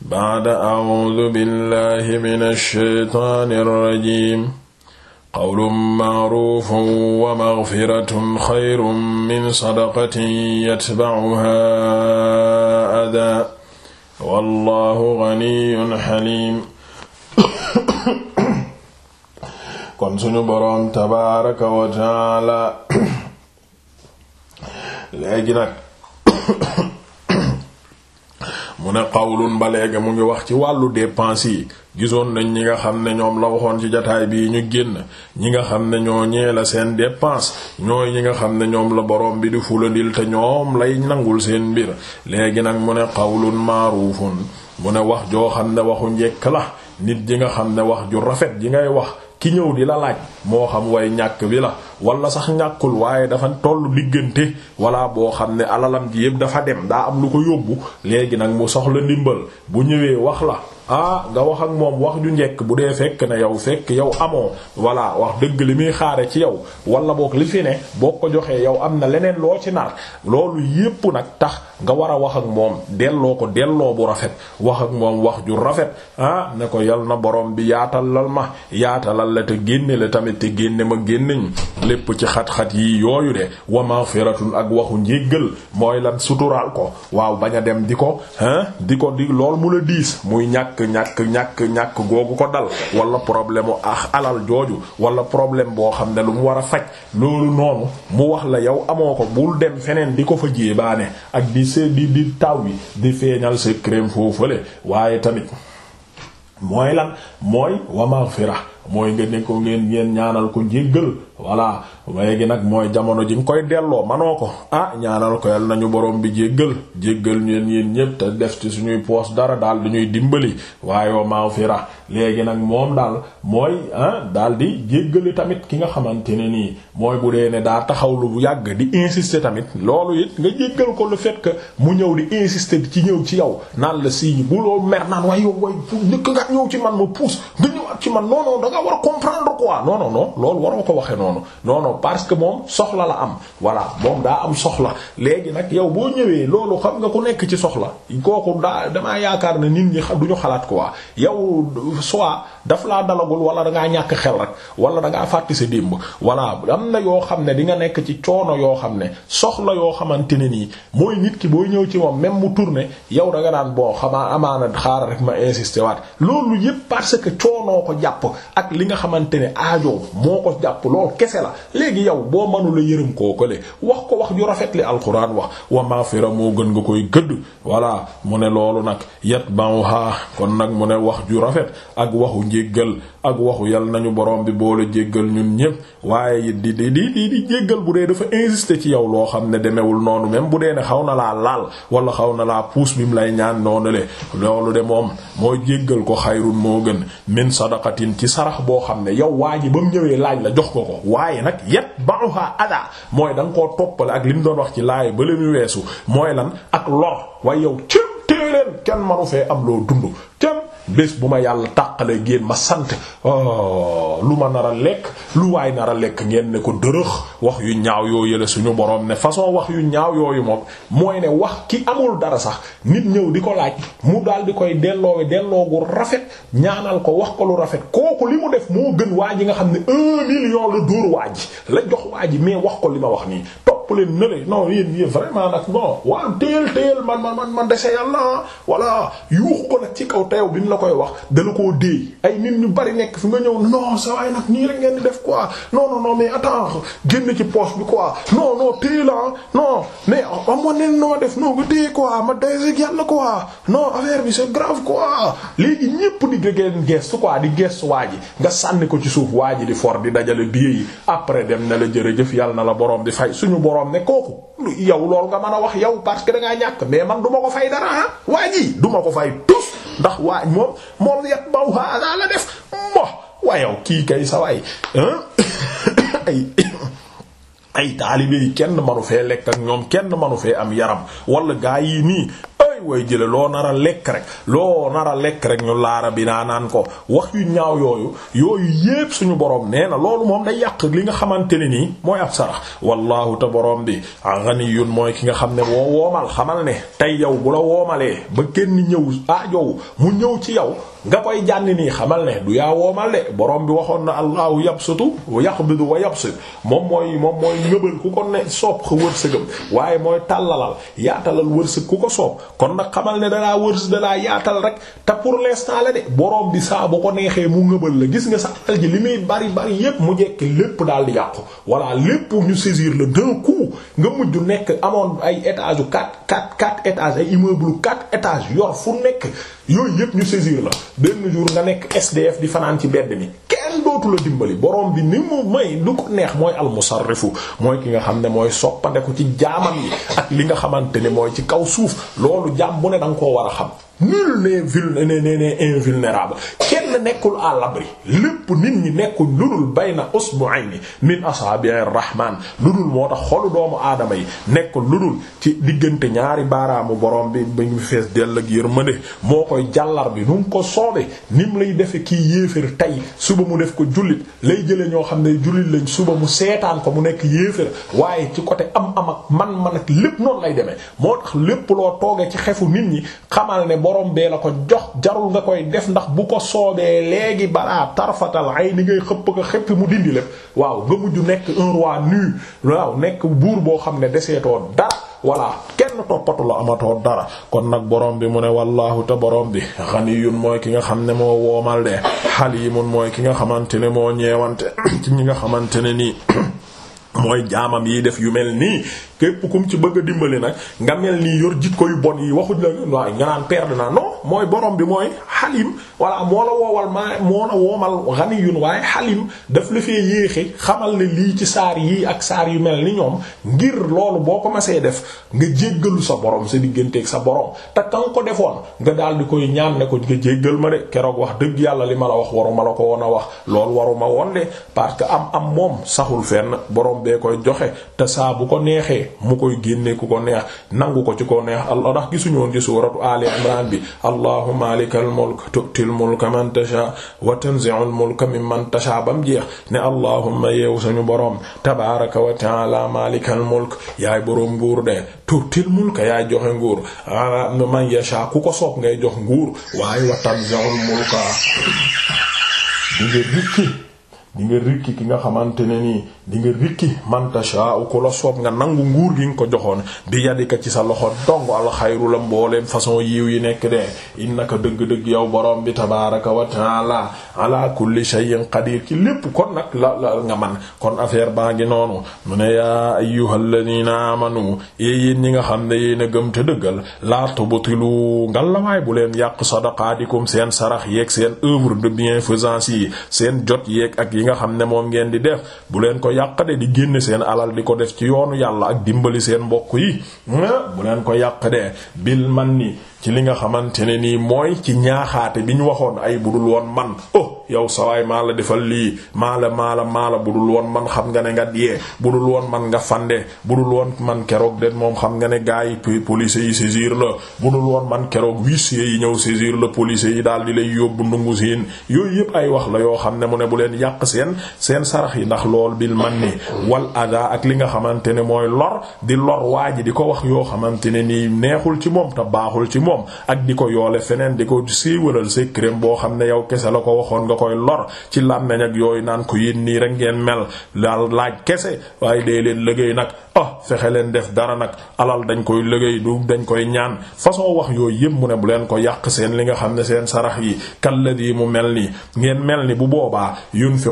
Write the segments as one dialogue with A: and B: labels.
A: baada audu billahi min alsheytaan alrajim qawlu maaruufu wa magfiratun xayrun min sadaqatin yatbacuha ada wallahu ganiyun xalim kon suñu boroom tabaaraka wa taala léegi nag mu ne xawlun ba léegi mu ngi wax ci wàllu dépense yi gisoon nañ ñi nga xam ne ñoom la waxoon ci jataay bii ñu génn ñi nga xam ne ñoo ñee seen dépense ñooy ñi nga xam ne ñoom la borom bi di fulandil te ñoom lay nangul seen mbir léegi nag mu ne xawlun maaruufun mu ne wax joo xam ne waxu njekk la nit ji nga xam ne wax ju rafet ji ngay wax ki ñëw di la laaj moo xam way ñàkk bi la wala sax ñàkkul waaye dafa tollu diggante wala boo xam ne alalam gi yëpp dafa dem ndaa am lu ko yóbbu léegi nag mu soxla ndimbal bu ñëwee wax la ah nga wax ak moom wax ju njekk bu dee fekk na yow fekk yow amoo voilà wax dëgg li muy xaare ci yow wala boog li fi ne boo ko joxee yow am na leneen loo ci nar loolu yépp nag tax nga war a wax ak moom delloo ko delloo bu rafet wax ak moom wax ju rafet ah ne ko yal na borom bi yaatalal ma yaatalal la te génne la tamit te génne ma génneñ lépp ci xat-xat yi yooyu de wa maghfiratun ak waxu njéggal mooy la suturaal ko waaw bañ a dem di ko ah di ko di lool ñàkk ñàkk ñàkk ñàkk googu ko dal wala problème mu ah alal jooju wala problème boo xam ne lu mu war a faj loolu noonu mu wax la yow amoo ko bul dem feneen di ko fa jéebaane ak di se di taaw taw bi di feeñal sa crème foofale waaye tamit mooy la mooy wa maghfira mooy nga ne ko ngeen ngeen ñaanal ko jéggal voilà léegi nag mooy jamono ji nga koy delloo manoo ko ah ñaanal ko yal nañu borom bi jéggal jéggal ñeen yéen ñépp te def ci suñuy poos dara daal ñuy dimbali waayo maaw fira léegi nag moom daal mooy ah daal di jéggali tamit ki nga xamante ne nii mooy bu dee ne daa taxaw lu yàgg di insister tamit loolu it nga jéggal ko le fait que mu ñëw di insister ci ñëw ci yow naan la siiñ bu loo mer naan waaye yow way njëkk nga ñëw ci man ma pousse nga ñëwaat ci man non non da war a comprendre quoi non non non loolu waroo ko waxee noonu noonu non parce que moom soxla la am voilà moom daa am soxla léegi nag yow boo ñëwee loolu xam nga ku nekk ci soxla kooku daa damaa yaakaar ne nit ñi du ñu xalaat quoi yow soit daf laa dalagul wala da ngaa ñàkk xel rek wala da ngaa fàtte sa démb voilà am na yoo xam ne di nga nekk ci coono yoo xam ne soxla yoo xamante ne nii mooy nit ki booy ñëw ci moom même mu tourné yow da nga naan bon xamaa amaana xaaral rek ma insister waat loolu yépp parce que coonoo ko jàpp ak li nga xamante ne aajo moo ko kese la léegi yow boo mënula yërëm koo kële wax ko wax ju rafet li alquran wax wa maafira moo gën nga koy gëdd voilà mu ne loolu nag yat bauha kon nag mu ne wax ju rafet ak waxu njéggal ak waxu yal nañu borom bi boole jéggal ñun ñépp waaye di di di di jéggal bu dee dafa insister ci yow loo xam ne demewul noonu même bu dee ne xaw na laa laal wala xaw na laa puus bi mu lay ñaan noonu le loolu de moom mooy jéggal ko xayrun moo gën min sadaqatin ci sarax boo xam ne yow waa ji ba mu ñëwee laaj la jox ko waaye nag yat ba'uha ada mooy da nga koo toppale ak li mu doon wax ci laay ba le mu weesu mooy lan ak lor waaye yow cim téye leen kenn manu fee am loo dund bés bu ma yàlla tàqale ngeen ma sant oh, lu ma nar a lekk lu waay nar a lekk ngeen ne ko dërëx wax yu ñaaw yoo yële suñu borom ne façon wax yu ñaaw yooyu moom mooy ne wax ki amul dara sax nit ñëw di ko laaj mu daal di koy delloowe delloogu rafet ñaanal ko wax ko lu rafet kooku li mu def moo gën waa ji nga xam ne un million la dóor waa ji la jox waa ji mais wax ko li ma wax nii topp leen nële non yéen yéen vraiment nag non waaw téyel téyel man man man man dese yàlla voilà yuuxu ko nag ci kaw teew bi mu la koy wax dala koo dee ay nit ñu bari nekk fi nga ñëw non sa waay nag nii rek ngeen di def quoi non non non mais attends génn ci poche bi quoi non non téye la ah. non mais amoon nañ noo def non nga téye quoi ma dese yàlla quoi non affaire bi c'est grave quoi léegi ñépp di gëgën gestu quoi di gestu waa ji nga sànni ko ci suuf waa ji di for di dajale biir yi après dem na la jërëjëf yàlla na la borom di fay suñu borom boroom ne kooku yow loolu nga mën a wax yow parce que da ngaa ñàkk mais man du ma ko fay dara ah. waa ji ko fay ndax waa moom moom yat baw yow kii kay sa ay ay taalibe kenn manu fee lekk ak ñoom kenn manu fee am yaram wala gaa yi nii way jële loo nar a lekk rek loo nar a lekk rek ñu laara bi naa naan ko wax yu ñaaw yooyu yooyu yépp suñu boroom nee na loolu moom day yàq li nga xamante ne nii mooy ab sarax wallahu te borom bi ghaniyun mooy ki nga xam ne woo woomal xamal ne tey yow bu la woomalee ba kenn ñëw aajow ah mu ñëw ci yow nga koy jànni nii xamal ne du yaa bi waxoon na allahu yabsutu wa yaqbidu wa yabsut moom mooy moom mooy ngëbal ku ko ne soob wërsëgam waaye mooy tàllalal yaatalal wërsëg ku ko soob kon kon nag xamal ne dalaa wërs dalaa yaatal rek te pour l'instant la de borom bi saa bu ko neexee mu ngëbal la gis nga sax alal ji li muy bari bari yépp mu jekk lépp daal di yàqu voilà lépp ñu saisir la d'un coup nga mujj nekk amoon ay étage yu quatre quatre quatre étages ay bul quatre étages yor fu nekk yooyu yëpp ñu saisir la benn jour nga nekk SDF di fanaan ci bedd mi kenn dootu la dimbali borom bi ni mu may lu ko neex mooy almusarrifu mooy ki nga xam ne mooy soppandeku ci jaamam yi ak li nga xamante ne mooy ci kaw suuf loolu jaam bu ne da nga koo war a xam nul n'est invulnérable kenn nekkul à l'abri lépp nit ñi nekkuñ lu dul bayna usbu'ayni min asaabi'ir rahmaan lu dul moo tax xolu doomu aadama yi nekkul lu dul ci diggante ñaari baaraamu borom bi ba ñu fees dell ak yërmande moo koy jàllar bi nu mu ko soobee nim lay defe kii yéefér tey suba mu def ko jullit lay jële ñoo xam ne jullit lañ suba mu seetaan ko mu nekk yéefér waaye ci côté am am ak man man ak lépp noonu lay demee moo tax lépp loo tooge ci xefu nit ñi xamal ne borom bee la ko jox jarul nga koy def léegi balaa tarfatal ay ni ngay xëpp ko xëpp mu dindi lépp waaw nga mujj nekk un roi nu waaw nekk buur boo xam ne deseetoo dara voilà kenn toppatu la amatoo dara kon nag borom bi mu ne wallaahu te borom bi ganiyun mooy ki nga xam ne moo woomal de halimun mooy ki nga xamante ne moo ñeewante ci ñi nga xamante ne nii mooy jaamam yi def yu mel nii képp kum ci bëgg a dimbali nag nga mel nii yor jikko yu bon yi waxuñ la waaye nga naan perdre na no mooy borom bi mooy xalim voilà moo la woowal moo la woomal ganiyun waaye xalim daf la fee yéexe xamal ne lii ci saar yii ak saar yu mel ni ñoom ngir loolu boo ko def nga jéggalu sa borom sa digganteeg sa borom te kan ko defoon nga daal di koy ñaan ne ko nga jéggal ma de keroog wax dëgg yàlla li ma la wax waru ma la ko woon a wax loolu waru ma woon de parce que am am moom saxul fenn borom bee koy joxe te bu ko neexee mu koy génne ku ko neex nangu ko ci ko neex allah ndax gisuñu woon ci suuratu Ali Imran bi allahumma malikal mulk tu'til mulka man tasha bam jeex ne allahumma yeew suñu boroom tabaaraka wa malikal mulk yaay boroom nguur de tu'til mulka yaay joxe nguur man yasha ku ko soob ngay jox nguur waaye wa tanzi'ul mulka di rikki di rikki ki nga xamante ne nii di nga rikki man tashaa'u ku la soob nga nangu nguur gi nga ko joxoon bi yadika ci sa loxo dong alxayru la mbooleem façon yiw yi nekk de innaka dëgg-dëgg yow borom bi tabaaraka wa ta'aala ala kulli shay'in qadir ci lépp kon nag la la nga man kon affaire baa ngi noonu mu ne yaa ayyuhal ladiina amanu yéen ñi nga xam ne yéen a gëm te dëggal laa tubtilu ngallaawaay bu leen yàq sa sadaqaatikum seen sarax yeeg seen œuvre de bienfaisance yi seen jot yeeg ak yi nga xam ne moom ngeen di yàq de di génne seen alal di ko def ci yoonu yàlla ak dimbali seen mbokk yi bu leen ko yàq de bil man ni ci li nga xamante ne nii mooy ci ñaaxaate bi ñu waxoon ay budul woon man oh yow sawaay maa la defal lii maa maala maa la bu dul woon man xam nga ne nga diyee bu woon man nga fande bu dul woon man keroog den moom xam nga ne gars yi police yi saisir la bu dul woon man keroog huissier yi ñëw saisir la police yi daal di lay yóbbu ndungu siin yooyu yëpp ay wax la yoo xam ne mu ne bu leen yàq seen seen sarax yi ndax lool bil man ni wal ada ak li nga xamante ne mooy lor di lor waa ji di ko wax yoo xamante ne nii neexul ci moom te baaxul ci moom ak di ko yoole feneen di ko siiwalal secret boo xam ne yow kese la ko waxoon nga koy lor ci làmmeñ ak yooyu naan ko yéen nii rek ngeen mel daal laaj kese waaye dee leen liggéey nag Allah fexe leen def dara nag alal dañ koy liggéey du dañ koy ñaan façon wax yooyu yëpp mu ne bu leen ko yàq seen li nga xam ne seen sarax yi kalladi mu mel nii ngeen mel ni bu boobaa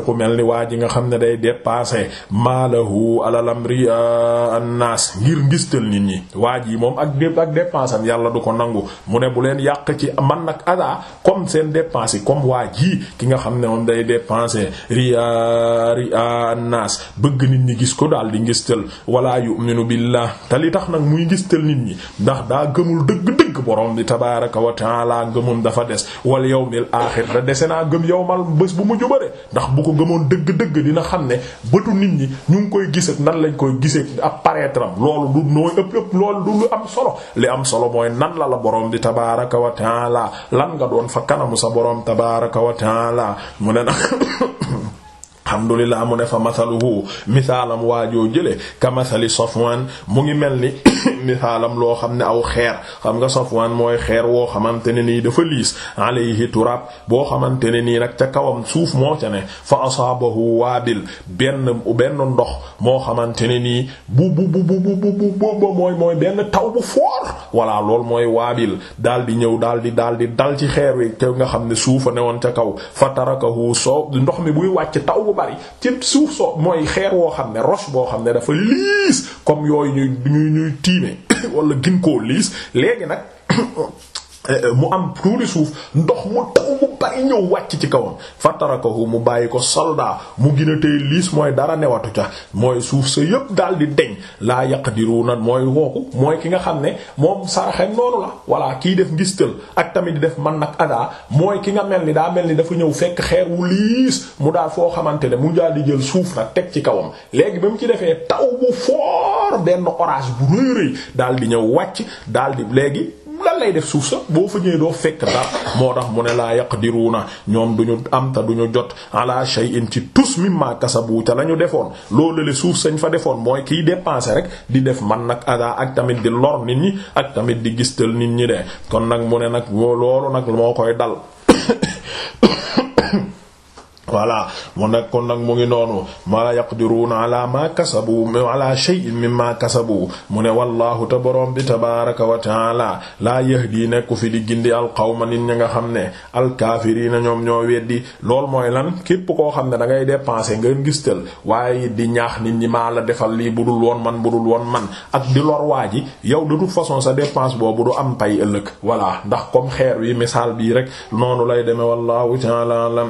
A: ku mel ni waa ji nga xam ne day dépasser maalahu alalam ri annaas ngir ngistal nit ñi waa ji moom ak dé ak dépense am yàlla du ko nangu mu ne bu leen yàq ci man nag ada comme seen dépense yi comme waa ji ki nga xam ne moom day dépenser ria ria annaas bëgg nit ñi gis ko daal di ngistal wala yu yu'minu billah te li tax nag muy gis ngistal nit ñi ndax daa gëmul dëgg-dëgg borom bi tabaaraka wa ta'aala gëmum dafa des wal yawmil aaxir da dese naa gëm yow mal bés bu mu jubare ndax bu ko gëmoon dëgg-dëgg dina xam ne bëtu nit ñi ñu ngi koy gis nan lañ koy gisee apparaître am loolu du nooy ëpp ëpp loolu du lu am solo li am solo mooy nan la la borom bi tabaaraka wa ta'aala lan nga doon fa kanamu sa boroom tabaaraka wa ta'aala mu ne nag alhamdulillah mu ne fa masaluhu misaalam waajoo jële ka masali safwan mu ngi mel ni misaalam loo xam ne aw xeer xam nga safwan mooy xeer woo xamante ne nii dafa liis alayhi turab boo xamante ne nii nag ca kawam suuf moo ca ne fa asaabahu waabil benn benn ndox moo xamante ne nii bu bu bu bu bu mooy benn taw bu foor walla lool mooy waabil daal di ñëw daal di daal di dal ci xeer wi te nga xam ne suufa newoon ca kaw fa tarakahu soo ndox mi buy wàcc taw bari ci suuf soo mooy xeer woo xam ne roche boo xam ne dafa liis comme yooyu ñuy ñuy ñuy tiime wala gin koo liis léegi nag Eh, eh, mu am tuuri suuf ndox mu taw mu bari ñëw wàcc ci kawam fatarakahu mu bàyyi ko solda mu gën a liis mooy dara newatu ca mooy suuf sa yëpp daal di deñ laa nag mooy wooku mooy ki nga xam ne moom saraxem noonu la voilà kii def ngistal ak tamit di def man nag adaa mooy ki nga mel ni daa mel ni dafa ñëw fekk xeer wu liis mu daal foo xamante ne mu daal di jël suuf nag teg ci kawam léegi ba mu ci defee taw bu foor benn orage bu rëy rëy daal di ñëw wàcc daal léegi lan lay def suuf sa boo fa ñëwee doo fekk dara moo tax mu ne laa di yaqdiruuna ñoom duñu am ta duñu jot ala shay'in ci tus mimma kasabu ta la ñu defoon loolu le suuf sañ fa defoon mooy kiy dépenser rek di def man nag ada ak tamit di lor nit ñi ak tamit di gis gistal nit ñi de kon nag mu ne nag loolu nag moo koy dal voilà mu nekk kon nag mu ngi noonu ma yaqdiruuna ala ma kasabu ala shay'in mimma kasabu mu ne wallahu te borom bi tabaraka wa taala laa yahdi nekku fi di gindi alqawma nit ñi nga xam ne alkaafiriina ñoom ñoo weddi lool mooy lan képp koo xam ne da ngay dépenser nga ngistal waaye di ñaax nit ñi maa la defal lii budul woon man budul woon man ak di lor waa ji yow de toute façon sa dépense boobu du am pay ëllëg wala ndax comme xeer wi misaal bii rek noonu lay deme wallahu taala alam